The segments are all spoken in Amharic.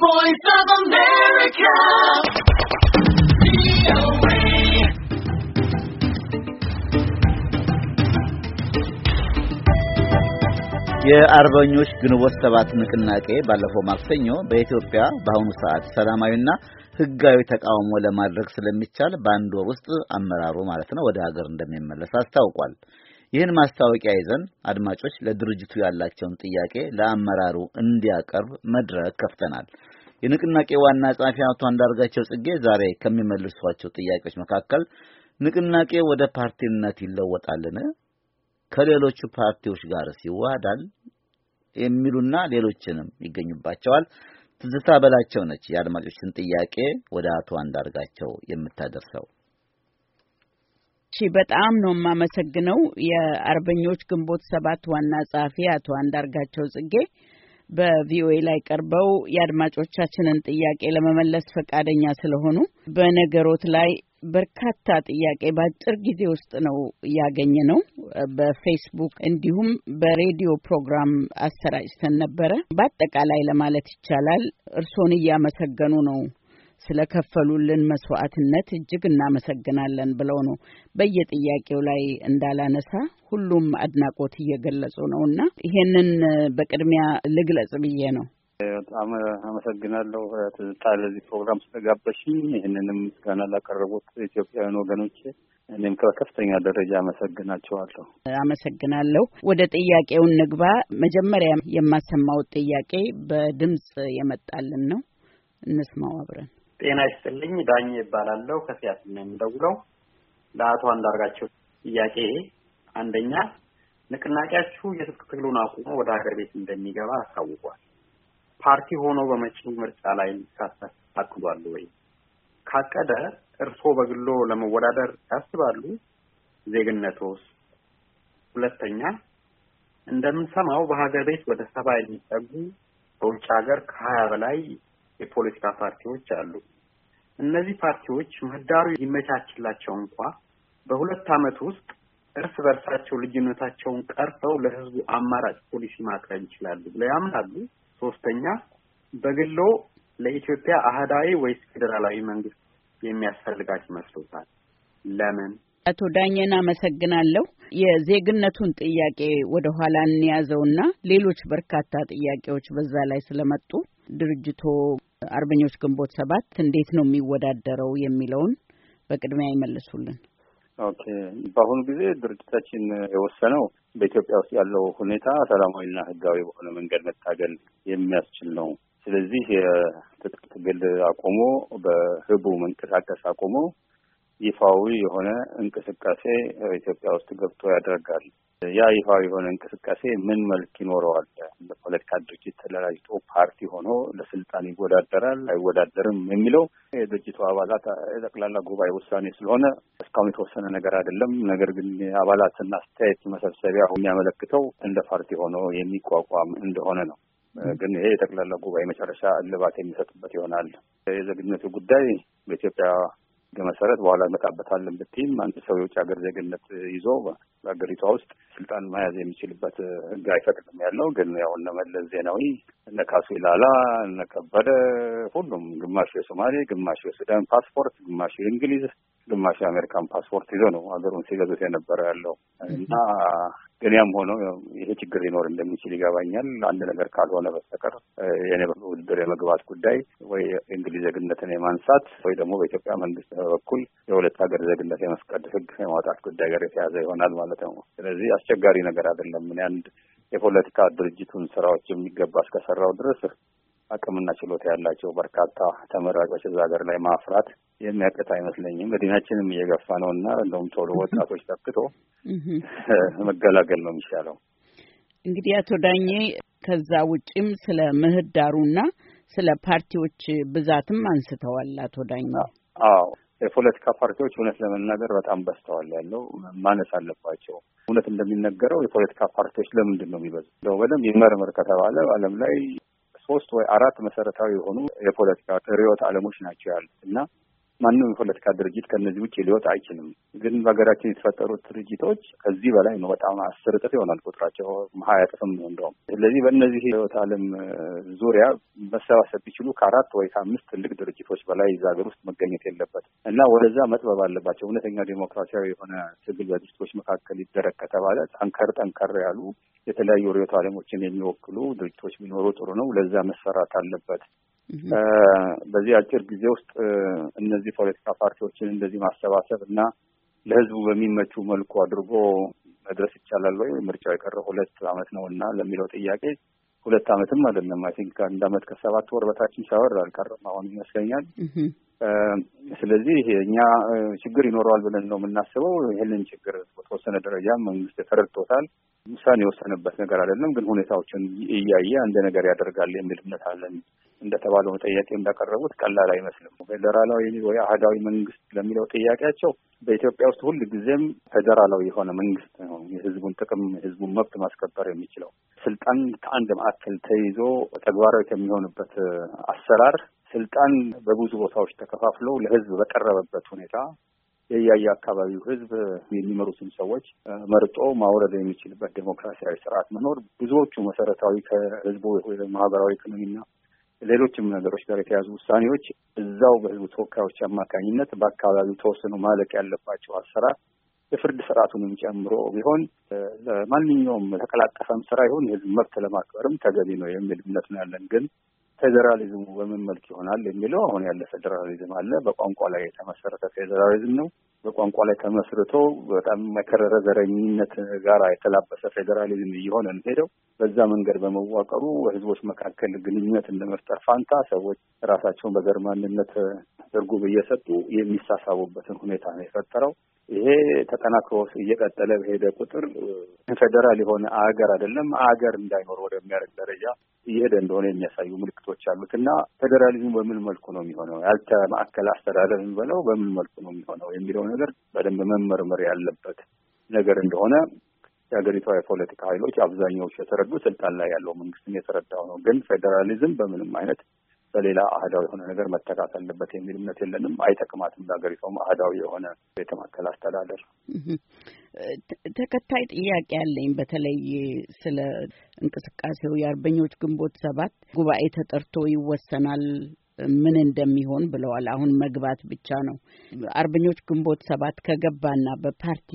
voice of America. የአርበኞች ግንቦት ሰባት ንቅናቄ ባለፈው ማክሰኞ በኢትዮጵያ በአሁኑ ሰዓት ሰላማዊና ሕጋዊ ተቃውሞ ለማድረግ ስለሚቻል በአንድ ወር ውስጥ አመራሩ ማለት ነው ወደ ሀገር እንደሚመለስ አስታውቋል። ይህን ማስታወቂያ ይዘን አድማጮች ለድርጅቱ ያላቸውን ጥያቄ ለአመራሩ እንዲያቀርብ መድረክ ከፍተናል። የንቅናቄ ዋና ጸሐፊ አቶ አንዳርጋቸው ጽጌ ዛሬ ከሚመልሷቸው ጥያቄዎች መካከል ንቅናቄ ወደ ፓርቲነት ይለወጣልን? ከሌሎቹ ፓርቲዎች ጋር ሲዋዳል የሚሉና ሌሎችንም ይገኙባቸዋል። ትዝታ በላቸው ነች የአድማጮችን ጥያቄ ወደ አቶ አንዳርጋቸው የምታደርሰው። እሺ በጣም ነው የማመሰግነው የአርበኞች ግንቦት ሰባት ዋና ጸሐፊ አቶ አንዳርጋቸው ጽጌ በቪኦኤ ላይ ቀርበው የአድማጮቻችንን ጥያቄ ለመመለስ ፈቃደኛ ስለሆኑ በነገሮት ላይ በርካታ ጥያቄ በአጭር ጊዜ ውስጥ ነው እያገኘ ነው። በፌስቡክ እንዲሁም በሬዲዮ ፕሮግራም አሰራጭተን ነበረ። በአጠቃላይ ለማለት ይቻላል እርስዎን እያመሰገኑ ነው ስለከፈሉልን መስዋዕትነት እጅግ እናመሰግናለን ብለው ነው። በየጥያቄው ላይ እንዳላነሳ ሁሉም አድናቆት እየገለጹ ነው እና ይሄንን በቅድሚያ ልግለጽ ብዬ ነው። በጣም አመሰግናለሁ ትዝታ ለዚህ ፕሮግራም ስለጋበሽኝ፣ ይህንንም ምስጋና ላቀረቡት ኢትዮጵያውያን ወገኖች እኔም ከከፍተኛ ደረጃ አመሰግናቸዋለሁ። አመሰግናለሁ። ወደ ጥያቄውን ንግባ። መጀመሪያ የማሰማውት ጥያቄ በድምፅ የመጣልን ነው። እንስማው አብረን ጤና ይስጥልኝ። ዳኝ ይባላለሁ። ከሲያትል ነው የምደውለው። ለአቶ አንዳርጋቸው ጥያቄ አንደኛ ንቅናቄያችሁ የትጥቅ ትግሉን አቁሞ ወደ ሀገር ቤት እንደሚገባ አሳውቋል። ፓርቲ ሆኖ በመጪው ምርጫ ላይ ሊሳተፍ አቅዷል ወይ? ካቀደ እርስዎ በግሎ ለመወዳደር ያስባሉ? ዜግነቶስ? ሁለተኛ እንደምንሰማው በሀገር ቤት ወደ ሰባ የሚጠጉ በውጭ ሀገር ከሀያ በላይ የፖለቲካ ፓርቲዎች አሉ። እነዚህ ፓርቲዎች ምህዳሩ ይመቻችላቸው እንኳ በሁለት ዓመት ውስጥ እርስ በርሳቸው ልዩነታቸውን ቀርፈው ለህዝቡ አማራጭ ፖሊሲ ማቅረብ ይችላሉ ብለው ያምናሉ። ሶስተኛ በግሎ ለኢትዮጵያ አህዳዊ ወይስ ፌዴራላዊ መንግስት የሚያስፈልጋት ይመስሉታል? ለምን? አቶ ዳኘን አመሰግናለሁ። የዜግነቱን ጥያቄ ወደ ኋላ እንያዘውና ሌሎች በርካታ ጥያቄዎች በዛ ላይ ስለመጡ ድርጅቶ አርበኞች ግንቦት ሰባት እንዴት ነው የሚወዳደረው የሚለውን በቅድሚያ ይመልሱልን። ኦኬ፣ በአሁኑ ጊዜ ድርጅታችን የወሰነው በኢትዮጵያ ውስጥ ያለው ሁኔታ ሰላማዊና ሕጋዊ በሆነ መንገድ መታገል የሚያስችል ነው። ስለዚህ የትጥቅ ትግል አቁሞ በህቡ መንቀሳቀስ አቁሞ ይፋዊ የሆነ እንቅስቃሴ ኢትዮጵያ ውስጥ ገብቶ ያደርጋል። ያ ይፋዊ የሆነ እንቅስቃሴ ምን መልክ ይኖረዋል? ለፖለቲካ ድርጅት ተደራጅቶ ፓርቲ ሆኖ ለስልጣን ይወዳደራል አይወዳደርም የሚለው የድርጅቱ አባላት የጠቅላላ ጉባኤ ውሳኔ ስለሆነ እስካሁን የተወሰነ ነገር አይደለም። ነገር ግን የአባላትና አስተያየት መሰብሰቢያ የሚያመለክተው እንደ ፓርቲ ሆኖ የሚቋቋም እንደሆነ ነው። ግን ይሄ የጠቅላላ ጉባኤ መጨረሻ እልባት የሚሰጥበት ይሆናል። የዘግነቱ ጉዳይ በኢትዮጵያ መሰረት በኋላ እንመጣበታለን ብትይም አንድ ሰው የውጭ ሀገር ዜግነት ይዞ በሀገሪቷ ውስጥ ስልጣን መያዝ የሚችልበት ህግ አይፈቅድም ያለው ግን ያው እነ መለስ ዜናዊ እነ ካሱ ይላላ እነ ከበደ ሁሉም ግማሹ የሶማሌ ግማሹ የሱዳን ፓስፖርት ግማሹ የእንግሊዝ ግማሽ የአሜሪካን ፓስፖርት ይዞ ነው ሀገሩን ሲገዙት የነበረ ያለው እና ያም ሆኖ ይሄ ችግር ሊኖር እንደሚችል ይገባኛል። አንድ ነገር ካልሆነ በስተቀር የኔ ውድድር የመግባት ጉዳይ ወይ የእንግሊዝ ዜግነትን የማንሳት ወይ ደግሞ በኢትዮጵያ መንግስት በበኩል የሁለት ሀገር ዜግነት የመስቀድ ህግ የማውጣት ጉዳይ ጋር የተያዘ ይሆናል ማለት ነው። ስለዚህ አስቸጋሪ ነገር አይደለም። እኔ አንድ የፖለቲካ ድርጅቱን ስራዎች የሚገባ እስከሰራው ድረስ አቅምና ችሎታ ያላቸው በርካታ ተመራቂዎች እዛ ሀገር ላይ ማፍራት የሚያቅት አይመስለኝም። እድሜያችንም እየገፋ ነው እና እንደውም ቶሎ ወጣቶች ተክቶ መገላገል ነው የሚሻለው። እንግዲህ አቶ ዳኜ ከዛ ውጭም ስለ ምህዳሩና ስለ ፓርቲዎች ብዛትም አንስተዋል። አቶ ዳኜ አዎ የፖለቲካ ፓርቲዎች እውነት ለመናገር በጣም በስተዋል ያለው ማነስ አለባቸው። እውነት እንደሚነገረው የፖለቲካ ፓርቲዎች ለምንድን ነው የሚበዙ? እንደው በደንብ ይመርምር ከተባለ ዓለም ላይ ሶስት ወይ አራት መሰረታዊ የሆኑ የፖለቲካ ርዕዮተ ዓለሞች ናቸው ያሉት እና ማንም የፖለቲካ ድርጅት ከነዚህ ውጭ ሊወጥ አይችልም። ግን በሀገራችን የተፈጠሩት ድርጅቶች ከዚህ በላይ ነው። በጣም አስር እጥፍ ይሆናል ቁጥራቸው፣ ሀያ እጥፍም ነው እንደውም። ስለዚህ በእነዚህ ህይወት አለም ዙሪያ መሰባሰብ ቢችሉ ከአራት ወይ ከአምስት ትልቅ ድርጅቶች በላይ እዛ ሀገር ውስጥ መገኘት የለበትም እና ወደዛ መጥበብ አለባቸው። እውነተኛ ዴሞክራሲያዊ የሆነ ትግል በድርጅቶች መካከል ይደረግ ከተባለ ጠንከር ጠንከር ያሉ የተለያዩ ርዕዮተ ዓለሞችን የሚወክሉ ድርጅቶች ቢኖሩ ጥሩ ነው። ለዛ መሰራት አለበት። በዚህ አጭር ጊዜ ውስጥ እነዚህ ፖለቲካ ፓርቲዎችን እንደዚህ ማሰባሰብ እና ለህዝቡ በሚመቹ መልኩ አድርጎ መድረስ ይቻላል ወይ? ምርጫው የቀረ ሁለት አመት ነው እና ለሚለው ጥያቄ ሁለት አመትም አይደለም አይ ቲንክ አንድ አመት ከሰባት ወር በታችን ሳይወር አልቀረም አሁን ይመስለኛል። ስለዚህ እኛ ችግር ይኖረዋል ብለን ነው የምናስበው። ይህንን ችግር በተወሰነ ደረጃ መንግስት ተረድቶታል። ውሳኔ የወሰነበት ነገር አይደለም፣ ግን ሁኔታዎችን እያየ አንድ ነገር ያደርጋል የሚል እምነት አለን። እንደተባለው ጥያቄ እንዳቀረቡት ቀላል አይመስልም። ፌዴራላዊ ወይ አህዳዊ መንግስት ለሚለው ጥያቄያቸው በኢትዮጵያ ውስጥ ሁል ጊዜም ፌዴራላዊ የሆነ መንግስት ነው የህዝቡን ጥቅም የህዝቡን መብት ማስከበር የሚችለው። ስልጣን ከአንድ ማዕከል ተይዞ ተግባራዊ ከሚሆንበት አሰራር ስልጣን በብዙ ቦታዎች ተከፋፍሎ ለህዝብ በቀረበበት ሁኔታ የያየ አካባቢው ህዝብ የሚመሩትን ሰዎች መርጦ ማውረድ የሚችልበት ዴሞክራሲያዊ ስርዓት መኖር ብዙዎቹ መሰረታዊ ከህዝቡ ማህበራዊ፣ ኢኮኖሚና ሌሎችም ነገሮች ጋር የተያዙ ውሳኔዎች እዛው በህዝቡ ተወካዮች አማካኝነት በአካባቢው ተወስኖ ማለቅ ያለባቸው አሰራር የፍርድ ስርዓቱንም ጨምሮ ቢሆን ለማንኛውም ተቀላጠፈም ስራ ይሁን የህዝብ መብት ለማክበርም ተገቢ ነው የሚል እምነት ነው ያለን ግን ፌዴራሊዝሙ በምን መልክ ይሆናል የሚለው አሁን ያለ ፌዴራሊዝም አለ። በቋንቋ ላይ የተመሰረተ ፌዴራሊዝም ነው። በቋንቋ ላይ ተመስርቶ በጣም መከረረ ዘረኝነት ጋር የተላበሰ ፌዴራሊዝም እየሆነ ሄደው። በዛ መንገድ በመዋቀሩ ህዝቦች መካከል ግንኙነት እንደመፍጠር ፋንታ ሰዎች ራሳቸውን በዘር ማንነት ትርጉም እየሰጡ የሚሳሳቡበትን ሁኔታ ነው የፈጠረው። ይሄ ተጠናክሮ እየቀጠለ በሄደ ቁጥር ፌዴራል የሆነ አገር አይደለም አገር እንዳይኖር ወደሚያደርግ ደረጃ እየሄደ እንደሆነ የሚያሳዩ ምልክቶች አሉት እና ፌዴራሊዝሙ በምን መልኩ ነው የሚሆነው ያልተማከለ አስተዳደር የሚበለው በምን መልኩ ነው የሚሆነው የሚለው ነገር በደንብ መመርመር ያለበት ነገር እንደሆነ የሀገሪቷ የፖለቲካ ኃይሎች አብዛኛዎቹ የተረዱ ስልጣን ላይ ያለው መንግስትም የተረዳው ነው። ግን ፌዴራሊዝም በምንም አይነት በሌላ አህዳዊ የሆነ ነገር መተካት አለበት የሚል እምነት የለንም። አይጠቅማትም ለሀገሪቷም አህዳዊ የሆነ ማከል አስተዳደር። ተከታይ ጥያቄ ያለኝ በተለይ ስለ እንቅስቃሴው የአርበኞች ግንቦት ሰባት ጉባኤ ተጠርቶ ይወሰናል ምን እንደሚሆን ብለዋል። አሁን መግባት ብቻ ነው። አርበኞች ግንቦት ሰባት ከገባና በፓርቲ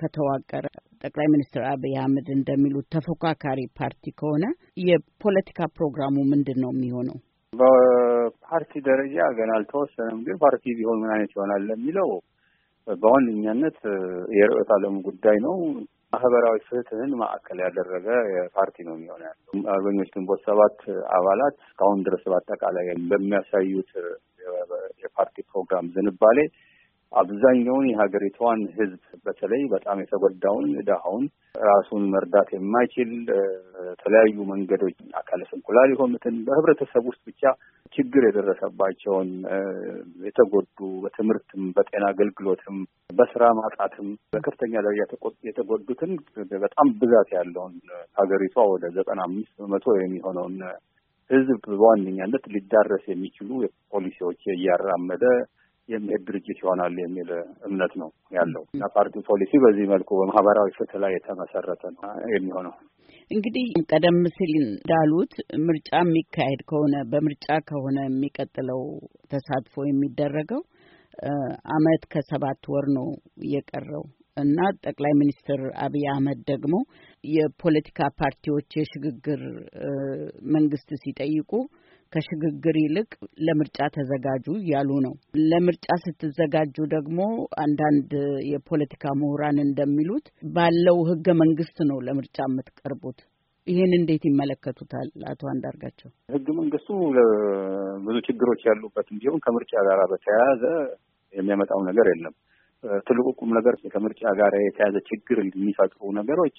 ከተዋቀረ ጠቅላይ ሚኒስትር አብይ አህመድ እንደሚሉት ተፎካካሪ ፓርቲ ከሆነ የፖለቲካ ፕሮግራሙ ምንድን ነው የሚሆነው? በፓርቲ ደረጃ ገና አልተወሰነም። ግን ፓርቲ ቢሆን ምን አይነት ይሆናል ለሚለው በዋነኛነት የርዕዮተ ዓለሙ ጉዳይ ነው። ማህበራዊ ፍትህን ማዕከል ያደረገ ፓርቲ ነው የሚሆነ ያለው። አርበኞች ግንቦት ሰባት አባላት እስካሁን ድረስ በአጠቃላይ በሚያሳዩት የፓርቲ ፕሮግራም ዝንባሌ አብዛኛውን የሀገሪቷን ህዝብ በተለይ በጣም የተጎዳውን ድሃውን ራሱን መርዳት የማይችል የተለያዩ መንገዶች አካለ ስንኩላ ሊሆኑትን በህብረተሰብ ውስጥ ብቻ ችግር የደረሰባቸውን የተጎዱ በትምህርትም፣ በጤና አገልግሎትም፣ በስራ ማጣትም በከፍተኛ ደረጃ የተጎዱትን በጣም ብዛት ያለውን ሀገሪቷ ወደ ዘጠና አምስት በመቶ የሚሆነውን ህዝብ በዋነኛነት ሊዳረስ የሚችሉ ፖሊሲዎች እያራመደ የሚሄድ ድርጅት ይሆናል የሚል እምነት ነው ያለው እና ፓርቲው ፖሊሲ በዚህ መልኩ በማህበራዊ ፍትህ ላይ የተመሰረተ ነው የሚሆነው። እንግዲህ ቀደም ሲል እንዳሉት ምርጫ የሚካሄድ ከሆነ በምርጫ ከሆነ የሚቀጥለው ተሳትፎ የሚደረገው አመት ከሰባት ወር ነው የቀረው እና ጠቅላይ ሚኒስትር አብይ አህመድ ደግሞ የፖለቲካ ፓርቲዎች የሽግግር መንግስት ሲጠይቁ ከሽግግር ይልቅ ለምርጫ ተዘጋጁ እያሉ ነው። ለምርጫ ስትዘጋጁ ደግሞ አንዳንድ የፖለቲካ ምሁራን እንደሚሉት ባለው ህገ መንግስት ነው ለምርጫ የምትቀርቡት። ይህን እንዴት ይመለከቱታል አቶ አንዳርጋቸው? ሕገ መንግስቱ ብዙ ችግሮች ያሉበት እንዲሁም ከምርጫ ጋር በተያያዘ የሚያመጣው ነገር የለም። ትልቁ ቁም ነገር ከምርጫ ጋር የተያዘ ችግር የሚፈጥሩ ነገሮች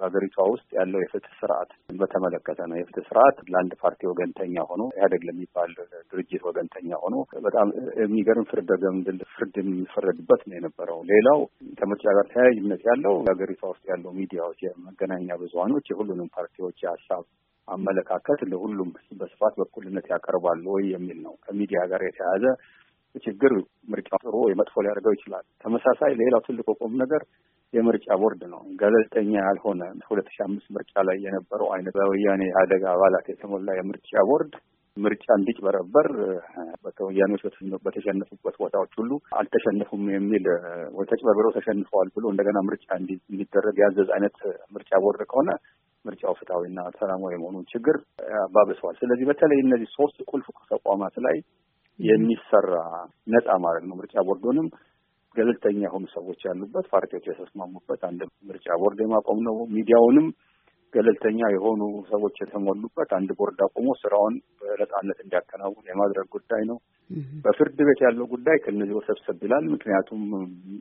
በሀገሪቷ ውስጥ ያለው የፍትህ ስርዓት በተመለከተ ነው። የፍትህ ስርዓት ለአንድ ፓርቲ ወገንተኛ ሆኖ ኢህአዴግ ለሚባል ድርጅት ወገንተኛ ሆኖ በጣም የሚገርም ፍርድ ገምድል ፍርድ የሚፈረድበት ነው የነበረው። ሌላው ከምርጫ ጋር ተያያዥነት ያለው ሀገሪቷ ውስጥ ያለው ሚዲያዎች፣ የመገናኛ ብዙሀኖች የሁሉንም ፓርቲዎች የሀሳብ አመለካከት ለሁሉም በስፋት በኩልነት ያቀርባሉ ወይ የሚል ነው። ከሚዲያ ጋር የተያያዘ ችግር ምርጫ ጥሩ ወይ መጥፎ ሊያደርገው ይችላል። ተመሳሳይ ሌላው ትልቅ ቁም ነገር የምርጫ ቦርድ ነው ገለልተኛ ያልሆነ ሁለት ሺ አምስት ምርጫ ላይ የነበረው አይነት በወያኔ አደጋ አባላት የተሞላ የምርጫ ቦርድ ምርጫ እንዲጭበረበር በተወያኖች በተሸነፉበት ቦታዎች ሁሉ አልተሸነፉም የሚል ተጭበርብረው ተሸንፈዋል ብሎ እንደገና ምርጫ እንዲደረግ ያዘዝ አይነት ምርጫ ቦርድ ከሆነ ምርጫው ፍትሐዊና ሰላማዊ የመሆኑን ችግር አባብሰዋል። ስለዚህ በተለይ እነዚህ ሶስት ቁልፍ ተቋማት ላይ የሚሰራ ነጻ ማድረግ ነው ምርጫ ቦርዱንም ገለልተኛ የሆኑ ሰዎች ያሉበት ፓርቲዎች የተስማሙበት አንድ ምርጫ ቦርድ የማቆም ነው። ሚዲያውንም ገለልተኛ የሆኑ ሰዎች የተሞሉበት አንድ ቦርድ አቁሞ ስራውን በነጻነት እንዲያከናውን የማድረግ ጉዳይ ነው። በፍርድ ቤት ያለው ጉዳይ ከነዚህ ወሰብሰብ ይላል። ምክንያቱም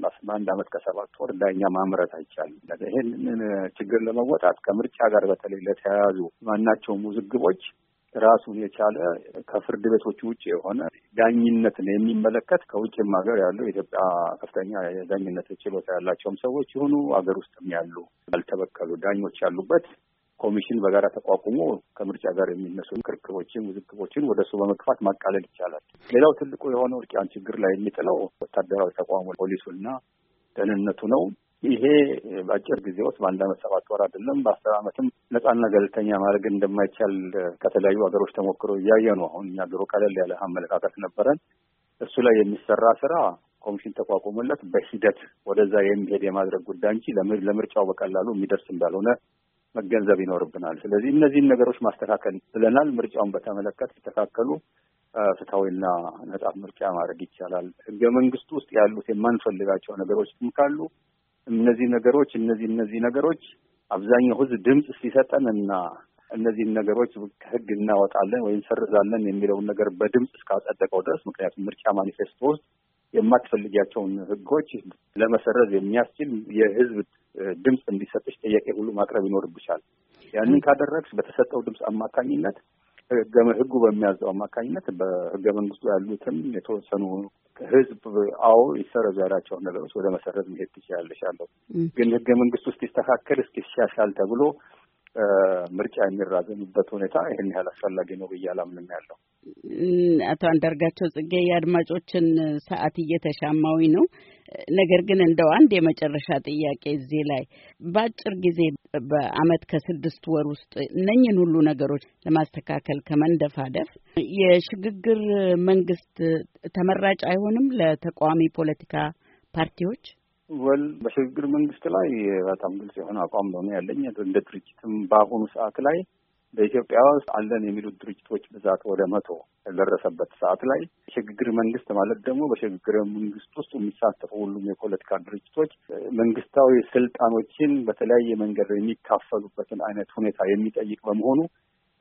አስራ አመት ከሰባት ወር ዳኛ ማምረት አይቻልም። ይህንን ችግር ለመወጣት ከምርጫ ጋር በተለይ ለተያያዙ ማናቸውም ውዝግቦች ራሱን የቻለ ከፍርድ ቤቶች ውጭ የሆነ ዳኝነትን የሚመለከት ከውጭም ሀገር ያሉ የኢትዮጵያ ከፍተኛ የዳኝነት ችሎታ ያላቸውም ሰዎች የሆኑ ሀገር ውስጥም ያሉ ያልተበከሉ ዳኞች ያሉበት ኮሚሽን በጋራ ተቋቁሞ ከምርጫ ጋር የሚነሱ ክርክሮችን፣ ውዝግቦችን ወደ እሱ በመግፋት ማቃለል ይቻላል። ሌላው ትልቁ የሆነ እርቅያን ችግር ላይ የሚጥለው ወታደራዊ ተቋሙ ፖሊሱና ደህንነቱ ነው። ይሄ በአጭር ጊዜ ውስጥ በአንድ አመት ሰባት ወር አይደለም በአስር አመትም ነጻና ገለልተኛ ማድረግ እንደማይቻል ከተለያዩ ሀገሮች ተሞክሮ እያየ ነው። አሁን እኛ ድሮ ቀለል ያለ አመለካከት ነበረን። እሱ ላይ የሚሰራ ስራ ኮሚሽን ተቋቁሞለት በሂደት ወደዛ የሚሄድ የማድረግ ጉዳይ እንጂ ለምርጫው በቀላሉ የሚደርስ እንዳልሆነ መገንዘብ ይኖርብናል። ስለዚህ እነዚህን ነገሮች ማስተካከል ብለናል። ምርጫውን በተመለከት ሲተካከሉ ፍትሐዊና ነጻ ምርጫ ማድረግ ይቻላል። ህገ መንግስቱ ውስጥ ያሉት የማንፈልጋቸው ነገሮችም ካሉ እነዚህ ነገሮች እነዚህ እነዚህ ነገሮች አብዛኛው ህዝብ ድምፅ ሲሰጠን እና እነዚህን ነገሮች ከህግ እናወጣለን ወይም ሰርዛለን የሚለውን ነገር በድምፅ እስካጸደቀው ድረስ ምክንያቱም ምርጫ ማኒፌስቶ ውስጥ የማትፈልጊያቸውን ህጎች ለመሰረዝ የሚያስችል የህዝብ ድምፅ እንዲሰጥሽ ጥያቄ ሁሉ ማቅረብ ይኖርብሻል። ያንን ካደረግሽ በተሰጠው ድምፅ አማካኝነት ህጉ በሚያዘው አማካኝነት በህገ መንግስቱ ያሉትን የተወሰኑ ህዝብ አዎ ይሰረዙ ያላቸውን ነገሮች ወደ መሰረት መሄድ ትችላለች አለው። ግን ህገ መንግስት ውስጥ ይስተካከል እስኪሻሻል ተብሎ ምርጫ የሚራዘምበት ሁኔታ ይህን ያህል አስፈላጊ ነው ብዬ አላምንም። ያለው አቶ አንዳርጋቸው ጽጌ የአድማጮችን ሰዓት እየተሻማዊ ነው። ነገር ግን እንደው አንድ የመጨረሻ ጥያቄ እዚህ ላይ በአጭር ጊዜ በአመት ከስድስት ወር ውስጥ እነኝን ሁሉ ነገሮች ለማስተካከል ከመንደፋደፍ የሽግግር መንግስት ተመራጭ አይሆንም ለተቃዋሚ ፖለቲካ ፓርቲዎች? ወል በሽግግር መንግስት ላይ በጣም ግልጽ የሆነ አቋም ነው ያለኝ። እንደ ድርጅትም በአሁኑ ሰዓት ላይ በኢትዮጵያ ውስጥ አለን የሚሉት ድርጅቶች ብዛት ወደ መቶ የደረሰበት ሰዓት ላይ ሽግግር መንግስት ማለት ደግሞ በሽግግር መንግስት ውስጥ የሚሳተፉ ሁሉም የፖለቲካ ድርጅቶች መንግስታዊ ስልጣኖችን በተለያየ መንገድ የሚካፈሉበትን አይነት ሁኔታ የሚጠይቅ በመሆኑ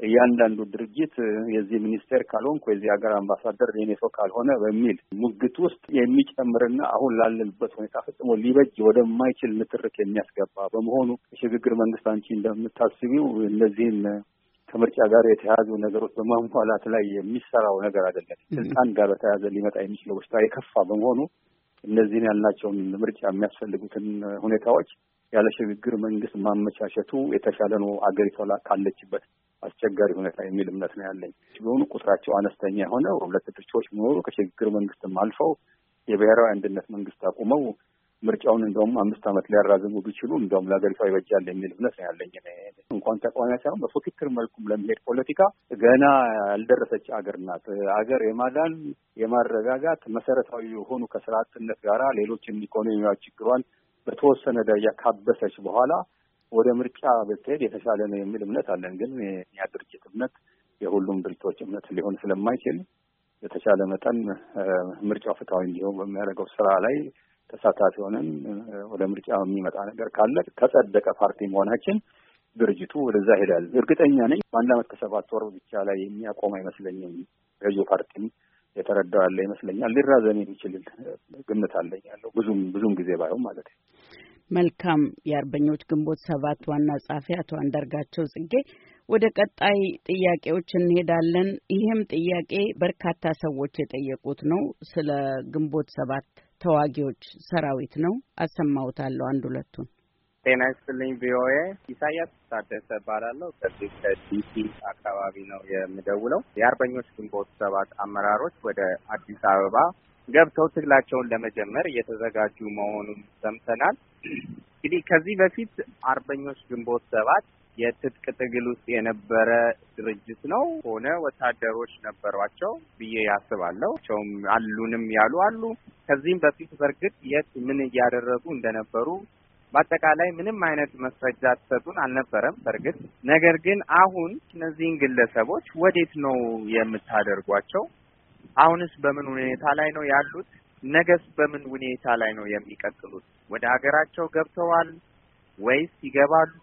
እያንዳንዱ ድርጅት የዚህ ሚኒስቴር ካልሆንኩ የዚህ ሀገር አምባሳደር የኔ ሰው ካልሆነ በሚል ሙግት ውስጥ የሚጨምርና አሁን ላለንበት ሁኔታ ፈጽሞ ሊበጅ ወደማይችል ንትርክ የሚያስገባ በመሆኑ የሽግግር መንግስት አንቺ እንደምታስቢው እነዚህን ከምርጫ ጋር የተያዙ ነገሮች በማሟላት ላይ የሚሰራው ነገር አይደለም። ስልጣን ጋር በተያያዘ ሊመጣ የሚችለው በሽታ የከፋ በመሆኑ እነዚህን ያልናቸውን ምርጫ የሚያስፈልጉትን ሁኔታዎች ያለ ሽግግር መንግስት ማመቻቸቱ የተሻለ ነው። አገሪቷ ካለችበት አስቸጋሪ ሁኔታ የሚል እምነት ነው ያለኝ። ቢሆኑ ቁጥራቸው አነስተኛ የሆነ ሁለት ድርቻዎች መኖሩ ከሽግግር መንግስትም አልፈው የብሔራዊ አንድነት መንግስት አቁመው ምርጫውን እንደውም አምስት ዓመት ሊያራዝሙ ቢችሉ እንደውም ለሀገሪቷ ይበጃል የሚል እምነት ነው ያለኝ። እንኳን ተቃዋሚ ሳይሆን በፉክክር መልኩም ለመሄድ ፖለቲካ ገና ያልደረሰች አገር ናት። አገር የማዳን የማረጋጋት መሰረታዊ የሆኑ ከስርዓትነት ጋራ ሌሎችን ኢኮኖሚያዊ ችግሯን በተወሰነ ደረጃ ካበሰች በኋላ ወደ ምርጫ ብትሄድ የተሻለ ነው የሚል እምነት አለን። ግን የኛ ድርጅት እምነት የሁሉም ድርጅቶች እምነት ሊሆን ስለማይችል የተሻለ መጠን ምርጫው ፍትሐዊ እንዲሆን በሚያደርገው ስራ ላይ ተሳታፊ ሆነን ወደ ምርጫ የሚመጣ ነገር ካለ ከጸደቀ ፓርቲ መሆናችን ድርጅቱ ወደዛ ሄዳል። እርግጠኛ ነኝ በአንድ አመት ከሰባት ወር ብቻ ላይ የሚያቆም አይመስለኝም። ገዢ ፓርቲም የተረዳው ያለ ይመስለኛል። ሊራዘም የሚችል ግምት አለኝ ያለው ብዙም ብዙም ጊዜ ባይሆን ማለት ነው። መልካም። የአርበኞች ግንቦት ሰባት ዋና ጸሐፊ አቶ አንዳርጋቸው ጽጌ፣ ወደ ቀጣይ ጥያቄዎች እንሄዳለን። ይህም ጥያቄ በርካታ ሰዎች የጠየቁት ነው። ስለ ግንቦት ሰባት ተዋጊዎች ሰራዊት ነው። አሰማውታለሁ አንድ ሁለቱን። ጤና ይስጥልኝ ቪኦኤ። ኢሳያስ ታደሰ እባላለሁ። ከዚህ ከዲሲ አካባቢ ነው የምደውለው። የአርበኞች ግንቦት ሰባት አመራሮች ወደ አዲስ አበባ ገብተው ትግላቸውን ለመጀመር እየተዘጋጁ መሆኑን ሰምተናል። እንግዲህ ከዚህ በፊት አርበኞች ግንቦት ሰባት የትጥቅ ትግል ውስጥ የነበረ ድርጅት ነው። ሆነ ወታደሮች ነበሯቸው ብዬ ያስባለሁ። ቸውም አሉንም ያሉ አሉ። ከዚህም በፊት በእርግጥ የት ምን እያደረጉ እንደነበሩ በአጠቃላይ ምንም አይነት መስረጃ ትሰጡን አልነበረም። በእርግጥ ነገር ግን አሁን እነዚህን ግለሰቦች ወዴት ነው የምታደርጓቸው? አሁንስ በምን ሁኔታ ላይ ነው ያሉት? ነገስ በምን ሁኔታ ላይ ነው የሚቀጥሉት? ወደ ሀገራቸው ገብተዋል ወይስ ይገባሉ?